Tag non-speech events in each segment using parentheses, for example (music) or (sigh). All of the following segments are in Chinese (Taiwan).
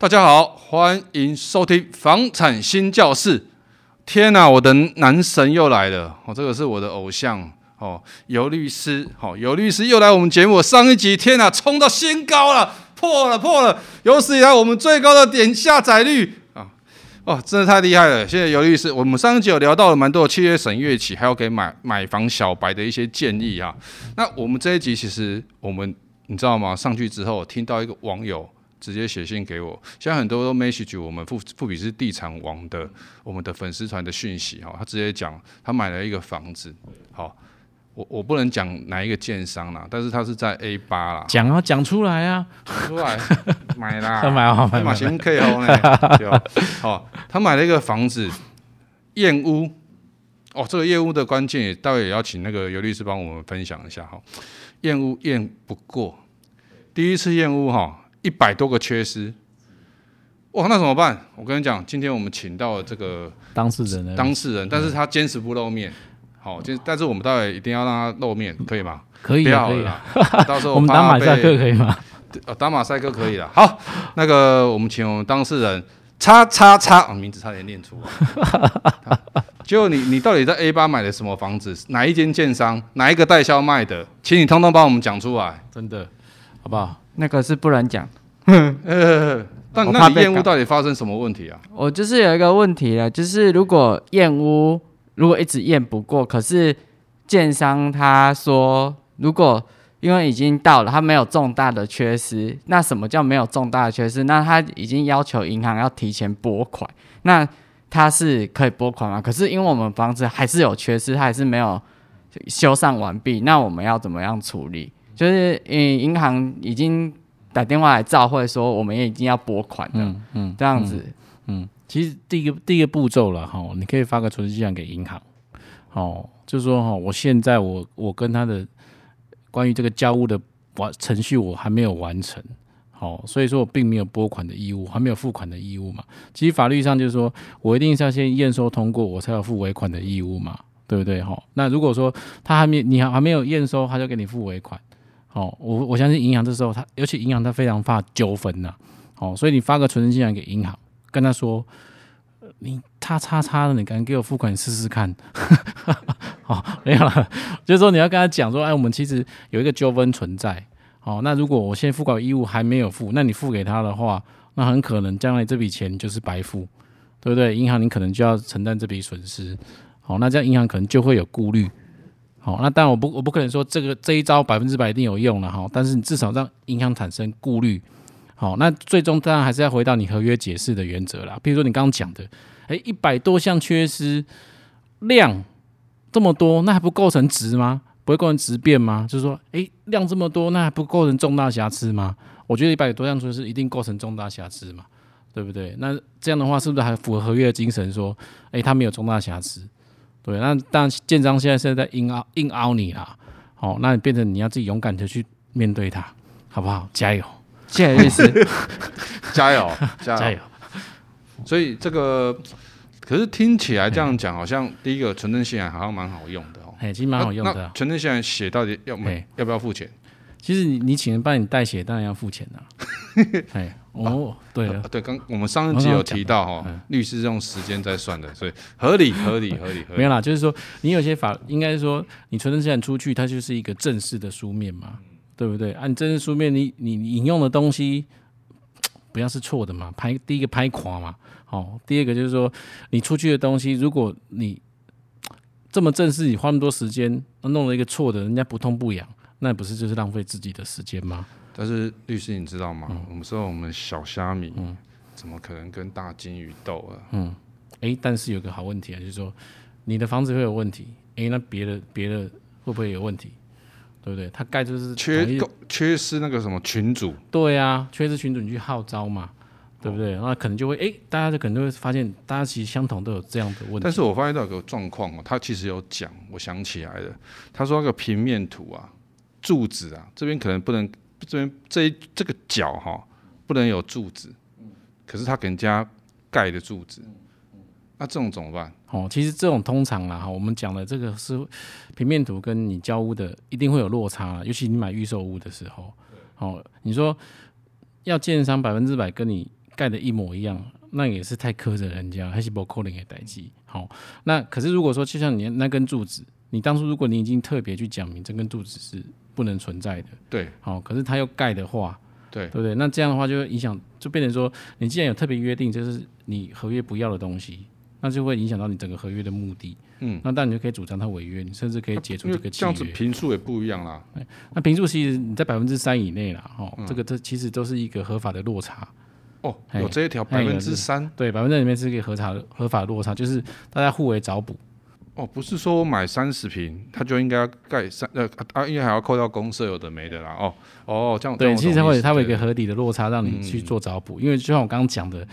大家好，歡迎收聽房產星叫室。天哪、啊，我的男神又來了！哦，這個是我的偶像哦，游律師。好、哦，游律師又來我們節目。上一集天哪、啊，衝到新高了，破了，破了，有史以來我們最高的點下載率啊！哦，真的太厲害了。謝謝游律師。我們上一集有聊到了蠻多契約審閱期，還有給買買房小白的一些建議啊。那我們這一集其實，我們你知道嗎？上去之後聽到一個網友。直接寫信給我，現在很多都 message 我們富富比斯地產網的我們的粉絲團的訊息哈、喔，他直接講他買了一個房子、喔，好，我我不能講哪一個建商啦，但是他是在 A 八啦。講啊，講出來啊，出來，買啦， (laughs) 他買啊，買馬錢 K 哦，對，好， (laughs) 喔、他買了一個房子，驗屋，哦，這個驗屋的關鍵，也倒也要請那個游律師幫我們分享一下哈、喔，驗屋驗不過，第一次驗屋哈、喔。一百多個缺失，哇，那怎麼辦？我跟你講，今天我們請到了這個當事人，當事人，但是他堅持不露面，好、嗯，就、哦、但是我們待會一定要讓他露面，可以嗎？可、嗯、以，可以，可以，可以。到時候我，我們打馬賽克可以嗎？呃，打馬賽克可以了。好，那個我們請我們當事人，叉叉叉，叉、哦，名字差點念錯， (laughs) 就你你到底在 A 八買的什麼房子？哪一間建商？哪一個代銷賣的？請你通通幫我們講出來，真的。吧，那個是不能講。但那個驗屋到底發生什麼問題啊？我就是有一個問題了，就是如果驗屋如果一直驗不過，可是建商他說如果因為已經到了，他沒有重大的缺失，那什麼叫沒有重大的缺失？那他已經要求銀行要提前撥款，那他是可以撥款嗎？可是因為我們房子還是有缺失，他還是沒有修繕完畢，那我們要怎麼樣處理？就是嗯，銀行已經打電話來照，或者說我們也已經要撥款了，嗯嗯，這樣子嗯嗯，嗯，其實第一個第一個步驟了哈，哦，你可以發個存證信函給銀行，哦，就是說哈，哦，我現在我我跟他的關於這個交屋的完程序我還沒有完成，好，哦，所以說我並沒有撥款的義務，還沒有付款的義務嘛。其實法律上就是說我一定是要先驗收通過，我才有付尾款的義務嘛，對不對哈，哦？那如果說他還沒你還還沒有驗收，他就給你付尾款。好、哦，我我相信銀行這時候他，他尤其銀行，他非常怕糾紛吶。好、哦，所以你發個存單進來給銀行，跟他說、呃，你叉叉叉的，你趕緊給我付款試試看。好、 (laughs) 哦，沒有啦，就是說你要跟他講說，哎，我們其實有一個糾紛存在。好、哦，那如果我現在付款義務還沒有付，那你付給他的話，那很可能將來這筆錢就是白付，對不對？銀行你可能就要承擔這筆損失。好、哦，那這樣銀行可能就會有顧慮。好，那當然我不我不可能說這個這一招百分之百一定有用了哈，但是你至少讓銀行產生顧慮。好，那最終當然還是要回到你合約解釋的原則啦。譬如說你剛剛講的，誒、欸，一百多項缺失，量這麼多，那還不構成值嗎？不會構成質變嗎？就是說，誒、欸，量這麼多，那還不構成重大瑕疵嗎？我覺得一百多項缺失一定構成重大瑕疵嘛，對不對？那這樣的話，是不是還符合合約的精神？說，誒、欸，它沒有重大瑕疵。對，那但建商現在現在在硬凹硬凹你啦，哦，那你變成你要自己勇敢的去面對它，好不好？加油，加油， (laughs) (laughs) 加油，加油，加油！所以這個可是聽起來這樣講，好像第一個存證信函，好像蠻好用的哦，其實蠻好用的。存證信函寫到底要沒要不要付錢？其實你你請人幫你代寫，當然要付錢啦、啊。哎， (laughs) 哦，啊對了啊，對，剛我們上一集有提到哈、哦哦，律師用時間在算的、嗯，所以合理合理合理，合理。沒有啦，就是說你有些法，應該是說你傳真件出去，它就是一個正式的書面嘛，對不對？按、啊、正式書面，你你引用的東西不要是錯的嘛，拍第一個拍垮嘛。好、哦，第二個就是說你出去的東西，如果你這麼正式，你花那麼多時間弄了一個錯的，人家不痛不癢。那不是就是浪費自己的時間嗎？但是律師，你知道嗎？嗯、我們說我們小蝦米、嗯，怎麼可能跟大鯨魚鬥啊？嗯、誒、欸，但是有個好問題啊，就是說你的房子會有問題，誒、欸，那別的別的會不會有問題？對不對？他蓋就是缺缺失那個什麼群組？對啊，缺失群組，你去號召嘛、哦，對不對？那可能就會哎、欸，大家就可能就會發現，大家其實相同都有這樣的問題。但是我發現到有一個狀況哦，他其實有講，我想起來了，他說那個平面圖啊。柱子啊，這邊可能不能，這邊這一這個角哈、哦，不能有柱子。可是他給人家蓋的柱子，那、啊、這種怎麼辦？哦，其實這種通常啦，我們講的這個是平面圖跟你交屋的，一定會有落差。尤其你買預售屋的時候，好、哦，你說要建商百分之百跟你蓋的一模一樣，那也是太苛責人家。還是不扣零給待機。好、哦，那可是如果說就像你那根柱子，你當初如果你已經特別去講明這根柱子是，不能存在的，對，好、哦，可是它又蓋的話，對，對不對？那這樣的話就會影響，就變成說，你既然有特別約定，就是你合約不要的東西，那就會影響到你整個合約的目的。嗯，那當然你就可以主張他違約，你甚至可以解除這個契約。啊、這樣子坪數也不一樣啦。嗯、那坪數其實你在百分之三以內啦，哈、哦嗯，這個這其實都是一個合法的落差。哦，有這一條百分之三，對，百分之三裡面是一個合法的落差，就是大家互為找補。哦，不是說我買三十坪，他就應該要蓋三呃，啊，因為還要扣掉公設，有的沒的啦，哦，哦，這樣對，其實它會它會有一個合理的落差，讓你去做找補，因為就像我剛剛講的，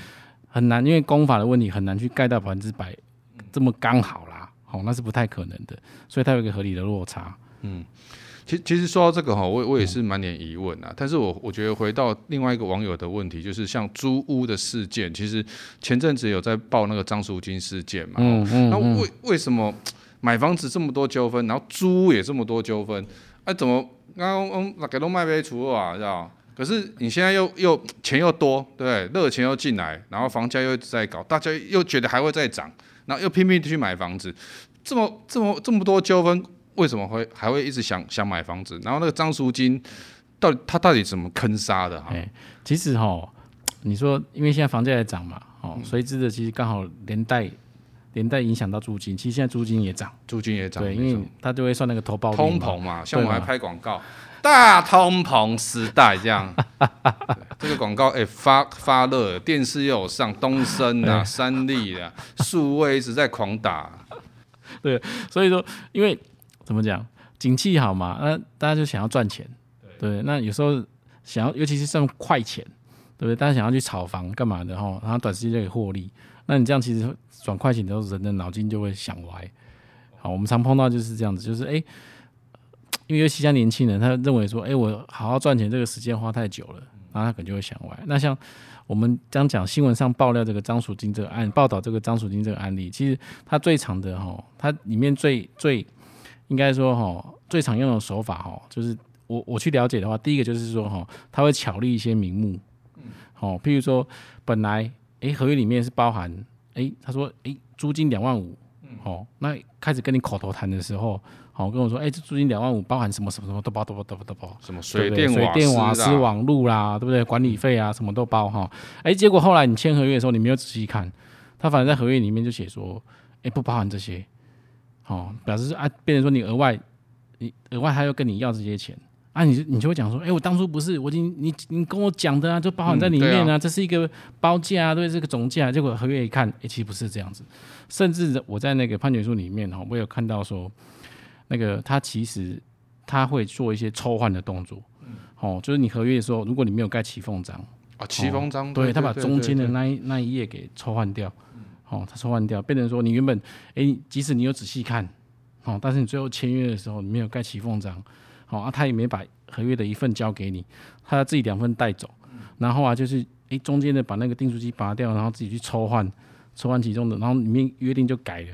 很難，因為工法的問題很難去蓋到百分之百這麼剛好啦，哦，那是不太可能的，所以它有一個合理的落差，嗯。其其實說到這個哈，我我也是滿臉疑問啊、嗯。但是我我覺得回到另外一個網友的問題，就是像租屋的事件，其實前陣子有在報那個張淑金事件嘛。那、嗯嗯嗯嗯、為為什麼買房子這麼多糾紛，然後租屋也這麼多糾紛？哎、啊，怎麼嗯，那、啊、給都賣飛除啊？是吧？可是你現在又又錢又多，對不對？熱錢又進來，然後房價又一直在搞，大家又覺得還會再漲，然後又拼命的去買房子，這麼這麼這麼多糾紛。為什麼會還會一直想想買房子？然後那個張淑晶，到底他到底怎麼坑殺的哈、啊欸？其實哈，你說，因為現在房價也漲嘛，哦，隨之的其實剛好連帶連帶影響到租金，其實現在租金也漲，租金也漲，對，因為他就會算那個頭孢通膨嘛，像我們還拍廣告，大通膨時代這樣，這個廣告誒、欸、發發熱，電視又有上東森啊、三立啊、數位一直在狂打，對，所以說因為。怎麼講？景氣好嘛？那大家就想要賺錢，對，對。那有時候想要，尤其是賺快錢，對不對？大家想要去炒房幹嘛的吼？然後短時間，就可以獲利，那你這樣其實賺快錢的時候，人的腦筋就會想歪。好，我們常碰到，就是這樣子，就是哎，因為尤其像年輕人，他認為說，哎，我好好賺錢這個時間花太久了，然後他可能就會想歪。那像我們剛講新聞上爆料這個張淑晶這個案，報道這個張淑晶這個案例，其實他最長的吼，他裡面最最。應該說哈，最常用的手法哈，就是我我去了解的話，第一個就是說哈，他會巧立一些名目，嗯，好，譬如說本來哎、欸、合約裡面是包含哎、欸，他說哎、欸、租金兩萬五，好，那開始跟你口頭談的時候，好跟我說哎這、欸、租金兩萬五包含什麼什麼什麼都包都包都包都包，什麼水電、啊、對對水電瓦斯網絡啦，對不對？管理費啊什麼都包哈，哎、欸，結果後來你簽合約的時候，你沒有仔細看，他反正在合約裡面就寫說哎、欸、不包含這些。哦，表示是啊，變成說你額外，你額外，他又跟你要這些錢啊你，你就你就會講說，哎、欸，我當初不是，我已經你你，你跟我講的啊，就包含在裡面啊，嗯、啊這是一個包價啊，對，這個總價，結果合約一看，哎、欸，其實不是這樣子。甚至我在那個判決書裡面哦，我有看到說，那個他其實他會做一些抽換的動作、嗯，哦，就是你合約說，如果你沒有蓋騎縫章啊，騎縫章、哦、章，對，對，對，對，對，他把中間的那一那一頁給抽換掉。哦，他抽換掉，變成說你原本，誒、欸，即使你有仔細看，哦，但是你最後簽約的時候，你沒有蓋騎縫章，好、哦、啊，他也沒把合約的一份交給你，他要自己兩份帶走，嗯，然後啊，就是誒、欸，中間的把那個訂書機拔掉，然後自己去抽換，抽換其中的，然後裡面約定就改了，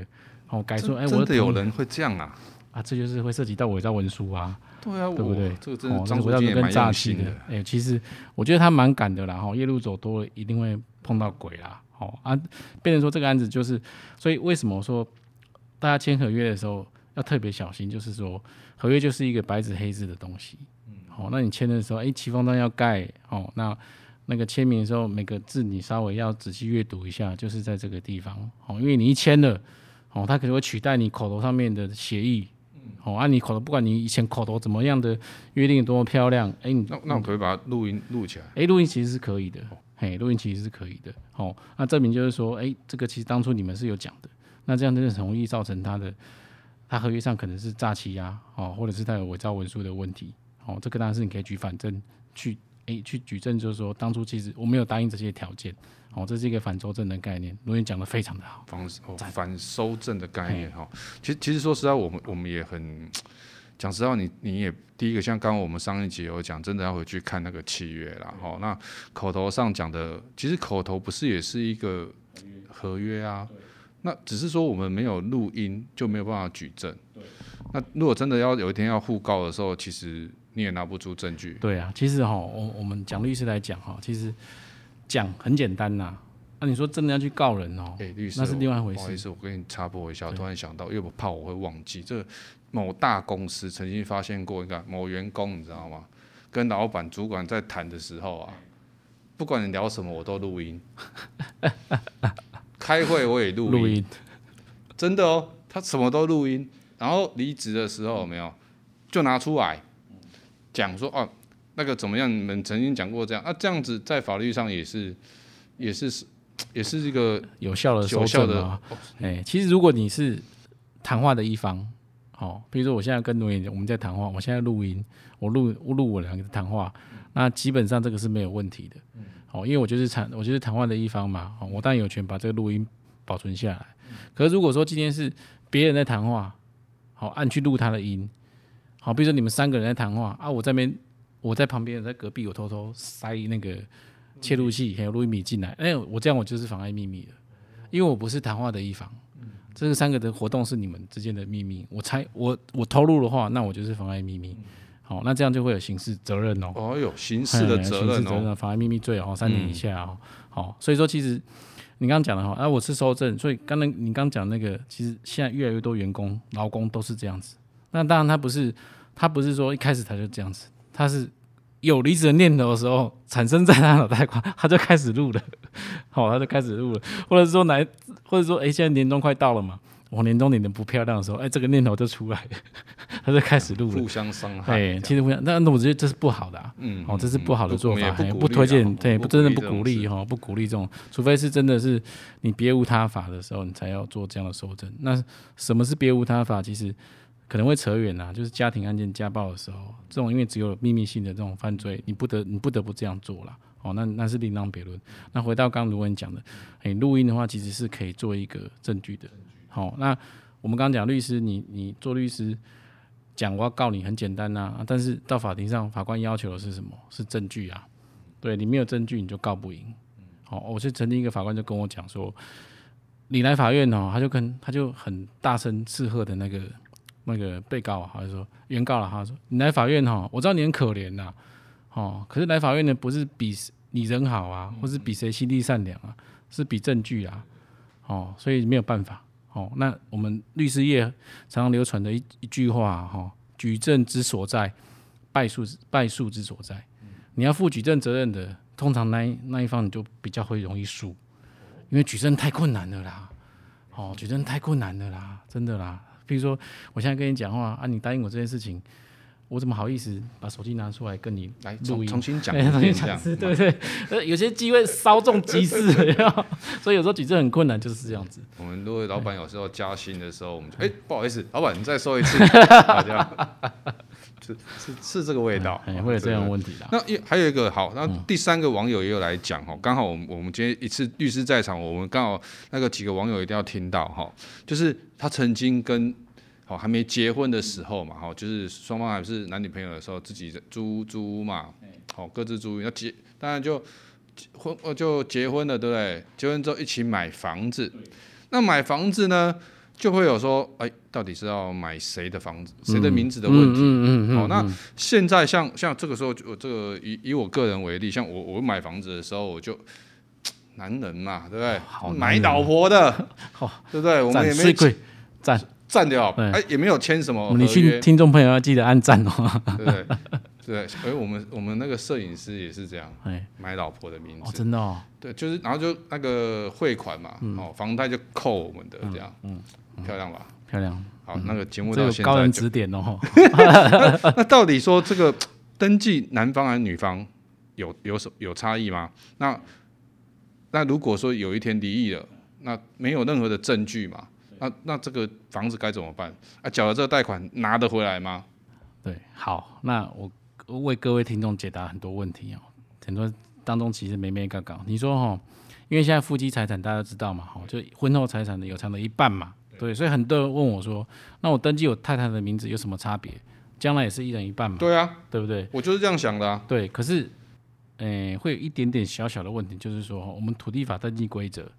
哦，改說誒、欸，我真的有人會這樣啊，啊這就是會涉及到偽造文書啊，對啊，對不對？這個真的裝逼跟詐欺的，誒、欸，其實我覺得他蠻敢的，啦。後、哦、夜路走多了一定會碰到鬼啦。哦啊，變成說這個案子就是，所以為什麼說大家簽合約的時候要特別小心？就是說合約就是一個白紙黑字的東西，嗯，好、哦，那你簽的時候，哎、欸，騎縫章要蓋，哦，那那個簽名的時候，每個字你稍微要仔細閱讀一下，就是在這個地方，哦，因為你一簽了，哦，它可能會取代你口頭上面的協議，嗯，哦，啊，你口頭不管你以前口頭怎麼樣的約定多麼漂亮，哎、欸，那那我可以把它錄音錄起來，哎、欸，錄音其實是可以的。哦哎，錄音其實是可以的，好，那證明就是說，哎、欸，這個其實當初你們是有講的，那這樣真的很容易造成他的，他合約上可能是詐欺啊，哦，或者是他有偽造文書的問題，哦，這個當然是你可以舉反證去，哎、欸，去舉證，就是說當初其實我沒有答應這些條件，哦，這是一個反收證的概念，錄音講得非常的好，反、哦、反收證的概念哈，其實其實說實在，我們我們也很。想知道，你你也第一個，像剛剛我們上一集有講，真的要回去看那個契約啦。哈。那口頭上講的，其實口頭不是也是一個合約啊。對。那只是說我們沒有錄音，就沒有辦法舉證。對。那如果真的要有一天要互告的時候，其實你也拿不出證據。對啊，其實哈，我我們講律師來講哈，其實講很簡單吶、啊。那、啊、你說真的要去告人哦？哎、欸，律師，那是另外一回事。不好意思，我跟你插播一下，我突然想到，因為我怕我會忘記這個。某大公司曾經發現過一個某員工，你知道嗎？跟老板、主管在談的時候啊，不管你聊什麼，我都錄音。 (laughs) 開會我也錄音，錄音，真的哦，他什麼都錄音。然後離職的時候，沒有就拿出來講說哦、啊，那個怎麼樣？你們曾經講過這樣，那、啊、這樣子在法律上也是，也是也是一個有效的收、哦、有效的。哎、哦欸，其實如果你是談話的一方。哦，比如說我現在跟錄音，我們在談話，我現在錄音，我錄錄我兩個談話，那基本上這個是沒有問題的。哦，因為我就是談，我就是談話的一方嘛，我當然有權把這個錄音保存下來。可是如果說今天是別人在談話，好按去錄他的音，好，比如說你們三個人在談話，啊，我這邊我在旁邊，在隔壁，我偷偷塞那個竊錄器、okay. 還有錄音筆進來，哎，我這樣我就是妨礙秘密了，因為我不是談話的一方。這三個的活動是你們之間的秘密，我猜我我透露的話，那我就是妨礙秘密，好，那這樣就會有刑事責任哦。哦喲，刑事的責任、哎、刑事責任、哦，妨礙秘密罪點哦，三年以下哦。好，所以說其實你剛剛講的話，哎、啊，我是收證，所以剛剛你剛講那個，其實現在越來越多員工、勞工都是這樣子。那當然他不是，他不是說一開始他就這樣子，他是。有離職的念頭的時候，產生在他腦袋瓜，他就開始錄了。好，他就開始錄了。或者說，來，或者說，誒、欸，現在年終快到了嘛？我年終領的不漂亮的時候，誒、欸，這個念頭就出來了呵呵，他就開始錄了、嗯。互相傷害。其實互相。那那我覺得這是不好的啊。嗯。哦，這是不好的做法，不，不，不推薦、啊，對，對不對真的不鼓勵哈，不鼓勵這種，除非是真的是你別無他法的時候，你才要做這樣的蒐證。那什麼是別無他法？其實。可能會扯遠了、啊，就是家庭案件家暴的時候，這種因為只有秘密性的這種犯罪，你不得你不得不這樣做了哦、喔。那那是另當別論。那回到剛剛盧文講的，哎、欸，錄音的話其實是可以做一個證據的。好、喔，那我們剛講律師，你你做律師講我要告你很簡單吶、啊啊，但是到法庭上，法官要求的是什麼？是證據啊。對你沒有證據，你就告不贏。哦、喔，我是曾經一個法官就跟我講說，你來法院哦、喔，他就跟他就很大聲斥喝的那個。那個被告啊，好像說：“原告啦，他說你來法院哈、喔，我知道你很可憐吶，哦、喔，可是來法院的不是比你人好啊，或是比誰心地善良啊，是比證據啊，哦、喔，所以沒有辦法，哦、喔，那我們律師業常常流傳的一一句話吼、喔，舉證之所在，敗訴敗訴之所在，嗯、你要負舉證責任的，通常那一那一方你就比較會容易輸，因為舉證太困難了啦，哦、喔，舉證太困難了啦，真的啦。”比如說，我現在跟你講話啊，你答應我這件事情，我怎麼好意思把手機拿出來跟你來錄音？重新講，重新講對不對？有些機會稍縱即逝，所以有時候舉證很困難，就是這樣子。我們如果老板有時候加薪的時候，我們就哎、欸、不好意思，老板你再說一次， (laughs) 這 (laughs) 是是是這個味道，也會有這樣的問題的。那一還有一個好，那第三個網友也有來講哈，喔、剛好我們我們今天一次律師在場，我們剛好那個幾個網友一定要聽到哈、喔，就是他曾經跟好、喔、還沒結婚的時候嘛，哈、喔，就是雙方還是男女朋友的時候，自己租租嘛，好、喔、各自租。那結當然就結婚就結婚了，對不對？結婚之後一起買房子，那買房子呢？就會有說，哎、欸，到底是要買誰的房子，誰的名字的問題？嗯嗯嗯嗯、哦，那現在、嗯、像像這個時候，這個以以我個人為例，像我我買房子的時候，我就男人嘛，對不對、哦好啊？買老婆的，哦，對不對？我們也沒讚讚掉，哎、欸，也沒有簽什麼。我們你去聽眾朋友要記得按讚哦， (laughs) 對，對，對。對，哎，我們我們那個攝影師也是這樣，哎、買老婆的名字，哦、真的、哦，對，就是，然後就那個匯款嘛，嗯、哦，房貸就扣我們的這樣，嗯，嗯嗯，漂亮吧、嗯？漂亮，好，嗯、那個節目到現在高人指點哦 (laughs) (laughs) 那。那到底說這個登記男方還是女方有有什有，有差異嗎？那那如果說有一天離異了，那沒有任何的證據嘛？那那這個房子該怎麼辦？啊，繳了這個貸款拿得回來嗎？對，好，那我。為各位聽眾解答很多問題哦、喔，很多當中其實沒沒剛剛你說哈，因為現在夫妻財產大家知道嘛，好，就婚後財產的有償的一半嘛對，對，所以很多人問我說，那我登記我太太的名字有什麼差別？將來也是一人一半嘛？對啊，對不對？我就是這樣想的，啊，對。可是，誒、欸，會有一點點小小的問題，就是說我們土地法登記規則，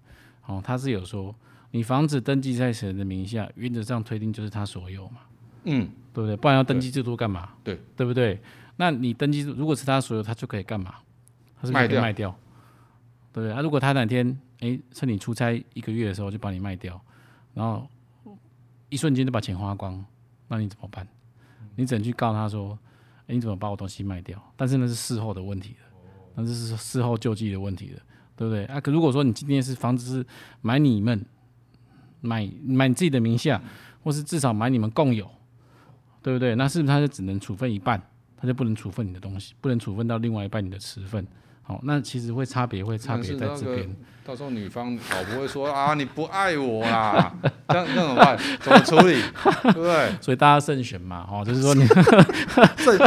哦，它是有說你房子登記在誰的名下，原則上推定就是他所有嘛。嗯，對不對？不然要登記制度幹嘛？對，對，對不對？那你登記，如果是他所有，他就可以幹嘛？他就可以賣掉，對不對？啊，如果他哪天哎趁你出差一個月的時候就把你賣掉，然後一瞬間就把錢花光，那你怎麼辦？你只能去告他說誒，你怎麼把我東西賣掉？但是那是事後的問題的，那這是事後救濟的問題了，對不對？啊，可如果說你今天是房子是買你們買買你自己的名下，或是至少買你們共有。對不對？那是不是他就只能處分一半，他就不能處分你的東西，不能處分到另外一半你的持份？好，那其實會差別，會差別在這邊。那個、到時候女方好不會說 (laughs) 啊，你不愛我啦，這樣那怎麼辦？怎麼處理？ (laughs) 對不對？所以大家慎選嘛，哈、哦，就是說你 (laughs) 慎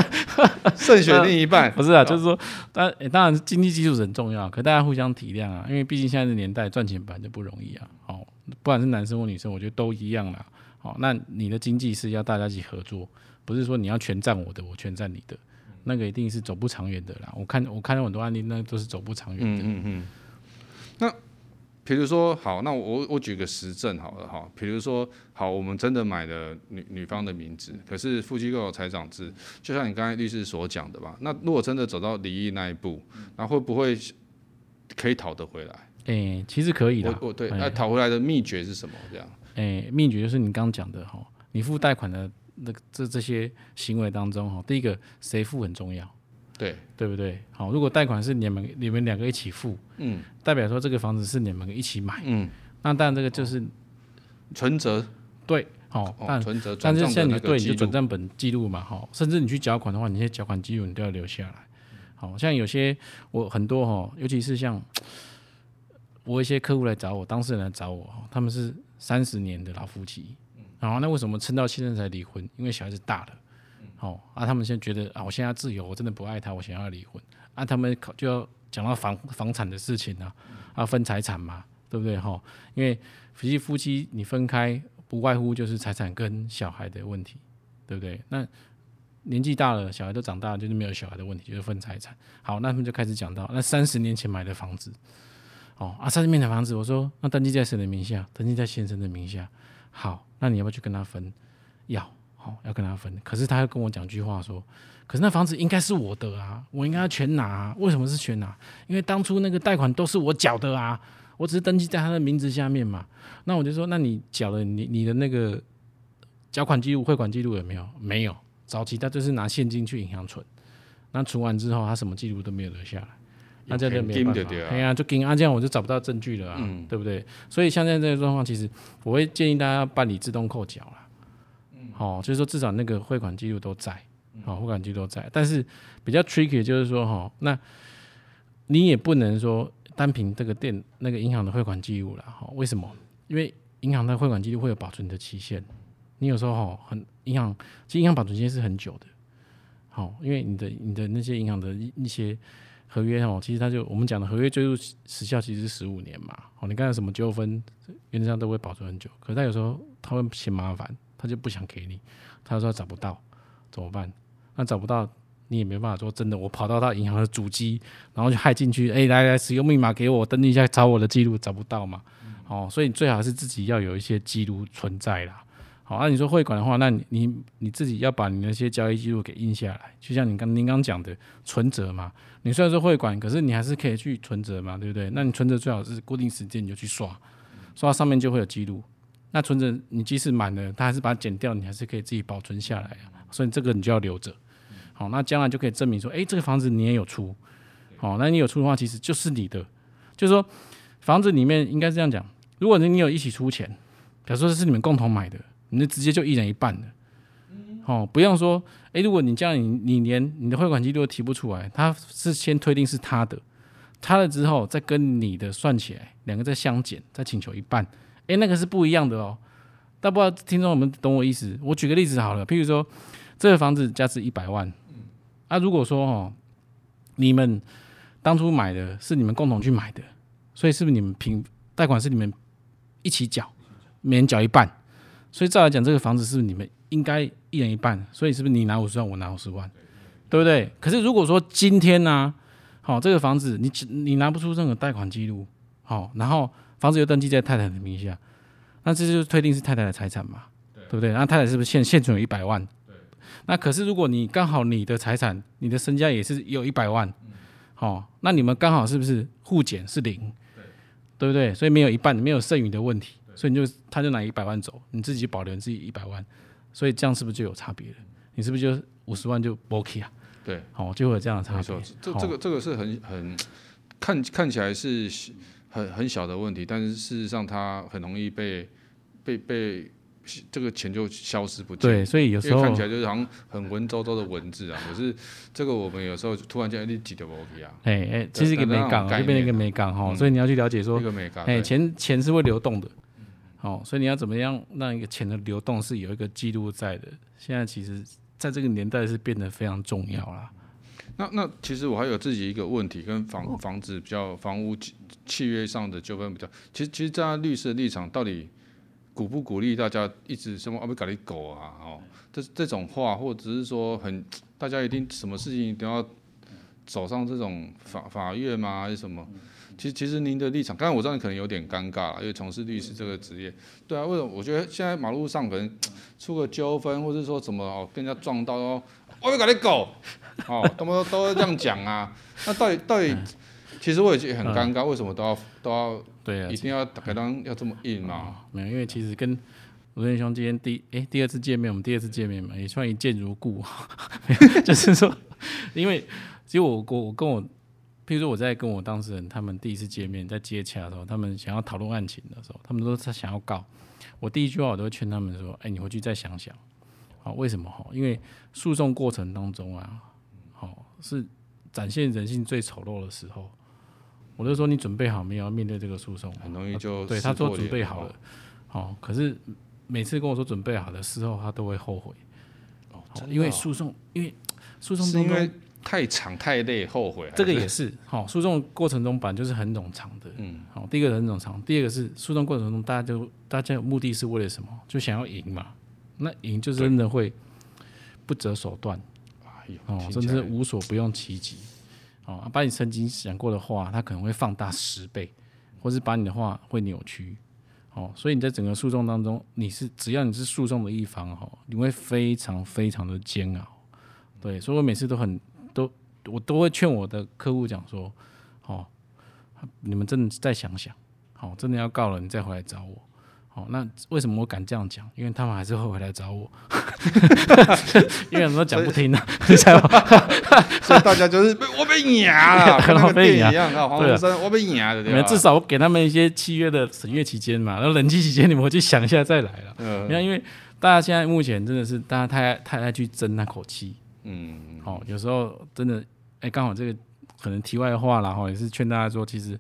慎選另一半。 (laughs) 不是啊、哦，就是說，當、欸、當然經濟基礎很重要，可大家互相體諒啊，因為畢竟現在這年代賺錢本來就不容易啊。好，不管是男生或女生，我覺得都一樣啦。好，那你的經濟是要大家一起合作，不是說你要全佔我的，我全佔你的，那個一定是走不長遠的啦。我看我看到很多案例，那個、都是走不長遠的。嗯嗯，嗯那比如說，好，那我我舉個實證好了哈。比如說，好，我們真的買了女女方的名字，可是夫妻共有財產制，就像你剛才律師所講的吧。那如果真的走到離異那一步，那會不會可以討得回來？哎、欸，其實可以的。對，欸、那討回來的秘訣是什麼？這樣？誒，秘訣就是你剛剛講的吼，你付貸款的那這這些行為當中哈，第一個誰付很重要，對對不對？好，如果貸款是你們你們兩個一起付，嗯，代表說這個房子是你們一起買，嗯，那但這個就是、哦、存折，對，好、哦，但存折，但是像你對你的轉賬本記錄嘛，哈、哦，甚至你去繳款的話，你這些繳款記錄你都要留下來。好、哦，像有些我很多哈、哦，尤其是像我一些客戶來找我，當事人來找我哈，他們是。三十年的老夫妻，然、嗯、後、哦、那為什麼撐到現在才離婚？因為小孩子大了，好、嗯哦、啊，他們現在覺得啊，我現在要自由，我真的不愛他，我想要離婚啊。他們就要講到房房產的事情了、啊嗯，啊，分財產嘛，對不對？哈、哦，因為夫妻夫妻你分開，不外乎就是財產跟小孩的問題，對不對？那年紀大了，小孩都長大了，就是沒有小孩的問題，就是分財產。好，那他們就開始講到那三十年前買的房子。哦，阿、啊、三面的房子，我說那登記在誰的名下？登記在先生的名下。好，那你要不要去跟他分？要，好、哦，要跟他分。可是他又跟我講句話說，可是那房子應該是我的啊，我應該要全拿，啊。為什麼是全拿？因為當初那個貸款都是我繳的啊，我只是登記在他的名字下面嘛。那我就說，那你繳了你你的那個繳款記錄、匯款記錄有沒有？沒有，早期他就是拿現金去銀行存，那存完之後，他什麼記錄都沒有留下來。那這樣就沒辦法，對啊，就給、啊、這樣我就找不到證據了、啊嗯，對不對？所以像現在這個狀況，其實我會建議大家辦理自動扣繳了。好、嗯喔，就是說至少那個匯款記錄都在，好、喔、匯款記錄都在。但是比較 tricky 就是說，哈、喔，那你也不能說單憑這個店那個銀行的匯款記錄了，好、喔，為什麼？因為銀行的匯款記錄會有保存的期限，你有時候哈、喔，很銀行其實銀行保存期限是很久的，好、喔，因為你的你的那些銀行的一些。合約哦，其實他就我們講的合約，追訴時效其實是十五年嘛。哦，你剛才有什麼糾紛，原則上都會保存很久。可是他有時候他會嫌麻煩，他就不想給你。他說他找不到，怎麼辦？那找不到，你也沒辦法說真的。我跑到他銀行的主機，然後就駭進去，哎、欸，來來，使用密碼給我，登記一下，找我的記錄，找不到嘛？哦、嗯，所以你最好是自己要有一些記錄存在啦。好，那、啊、你說匯款的話，那你你你自己要把你那些交易記錄給印下來，就像你剛您剛講的存折嘛。你雖然說匯款，可是你還是可以去存折嘛，對不對？那你存折最好是固定時間你就去刷，刷上面就會有記錄。那存折你即使滿了，它還是把它剪掉，你還是可以自己保存下來。所以這個你就要留着。好，那將來就可以證明說，哎、欸，這個房子你也有出。好、哦，那你有出的話，其實就是你的，就是說房子裡面應該這樣講，如果你有一起出錢，比如說這是你們共同買的。你就直接就一人一半了、嗯，哦，不用說，哎、欸，如果你這樣你，你你連你的匯款記錄都提不出來，他是先推定是他的，他的之後再跟你的算起來，兩個再相減，再請求一半，哎、欸，那個是不一樣的哦。但不知道，聽眾有沒有懂我意思？我舉個例子好了，譬如說這個房子價值一百萬，那、嗯啊、如果說哦，你們當初買的是你們共同去買的，所以是不是你們平貸款是你們一起繳，每人繳一半？所以再來講，這個房子是不是你們應該一人一半？所以是不是你拿五十萬，我拿五十萬對對對對，對不對？可是如果說今天呢、啊，好、哦，這個房子你你拿不出任何貸款記錄，好、哦，然後房子又登記在太太的名下，那這就是推定是太太的財產嘛對，對不對？那太太是不是現現存有一百萬？那可是如果你剛好你的財產、你的身家也是有一百萬，好、嗯哦，那你們剛好是不是互減是零對？對不對？所以沒有一半，沒有剩餘的問題。所以你就他就拿一百萬走，你自己保留你自己一百萬，所以這樣是不是就有差別了？你是不是就五十萬就 OK 啊？對，哦、喔，就會有這樣的差別。沒錯，這、喔、這個這個是很很看看起來是很很小的問題，但是事實上它很容易被被被,被這個錢就消失不見。對，所以有時候看起來就是好像很文縐縐的文字啊， (laughs) 可是這個我們有時候突然間一幾條 OK 啊，哎、欸、哎、欸，其實一個美港啊，就變成一個美港哈、喔嗯，所以你要去了解說，哎、欸，錢錢是會流動的。哦，所以你要怎麼樣讓一個錢的流動是有一個記錄在的？現在其實在這個年代是變得非常重要啦。那那其實我還有自己一個問題，跟房、哦、房子比較、房屋契契約上的糾紛比較。其實其實，在律師的立場，到底鼓不鼓勵大家一直什麼啊不搞你狗啊？哦，這這種話，或者是說很大家一定什麼事情都要走上這種法法院嗎？還是什麼？嗯其實其實您的立場，剛才我這樣可能有點尷尬了，因為從事律師這個職業，對啊，為什麼我覺得現在馬路上可能出個糾紛，或者說什麼哦，跟人家撞到、oh、God, go! 哦，我要搞你狗，哦，他們都這樣講啊，那到底到底、嗯，其實我也覺得很尷尬、嗯，為什麼都要都要對啊，一定要打板當要這麼硬嘛、嗯？沒有，因為其實跟盧建雄今天第哎、欸、第二次見面，我們第二次見面嘛，也算一見如故， (laughs) 就是說，因為其實我我我跟我。比如說我在跟我當事人他們第一次見面，在接洽的時候，他們想要討論案情的時候，他們都他想要告我。第一句話我都會勸他們說：“哎、欸，你回去再想想，好、啊、為什麼？哈，因為訴訟過程當中啊，好、啊、是展現人性最醜陋的時候。”我就說：“你準備好沒有？要面對這個訴訟？”很容易就、啊、對他說準備好了。好、哦啊，可是每次跟我說準備好的時候，他都會後悔。哦、啊，因為訴訟，因為訴訟中。因太長太累，後悔。這個也是，好訴訟過程中本來就是很冗長的。嗯，好、哦，第一個很冗長，第二個是訴訟過程中大，大家就大家目的是為了什麼？就想要贏嘛。那贏就是真的會不擇手段、哦，哎呦，哦，甚至無所不用其極，哦、啊，把你曾經想過的話，他可能會放大十倍，或是把你的話會扭曲，哦，所以你在整個訴訟當中，你是只要你是訴訟的一方，哦，你會非常非常的煎熬。嗯、對，所以我每次都很。都，我都會勸我的客戶講說，哦，你們真的再想想，好、哦，真的要告了，你再回來找我，好、哦，那為什麼我敢這樣講？因為他們還是會回來找我， (laughs) (laughs) 因為他們講不聽的、啊，你知道嗎，所， (laughs) 所以大家就是我被咬了，很好被咬了，啊、了，對啊，我被咬啊，你至少我給他們一些契約的審閱期間嘛，然後冷靜期間你們回去想一下再來了。嗯，因為大家現在目前真的是大家太太愛去爭那口氣，嗯。哦，有時候真的，哎、欸，剛好這個可能題外話啦，哈，也是勸大家說，其實，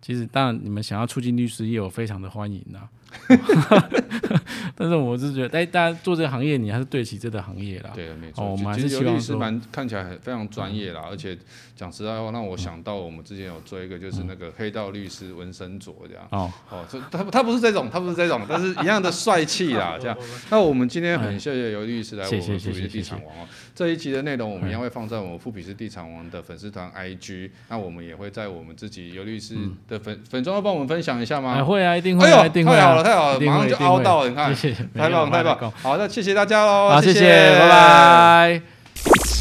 其實當然你們想要促進律師業，我非常的歡迎吶。 (laughs) (laughs) 但是我是覺得，哎、欸，大家做這個行業，你還是對得起這個行業啦。對，沒錯、哦。我們還是希望說，看起來很非常專業啦，嗯、而且講實在話，讓我想到我們之前有做一個，就是那個黑道律師紋身左這樣。哦，哦，他他不是這種，他不是這種，但是一樣的帥氣啦、啊啊，這樣、啊嗯。那我們今天很謝謝游律師來我們富比斯地產王哦、喔。這一集的內容我們一樣會放在我們富比斯地產王的粉絲團 IG，嗯、那我們也會在我們自己游律師的粉、嗯、粉專幫我們分享一下嗎？哎、會啊，一定會、啊。哎呦、啊太啊，太好了，太好了，馬上就凹到，了，你看。太棒太棒，好，那謝謝大家嘍，好，謝謝，拜拜。拜拜。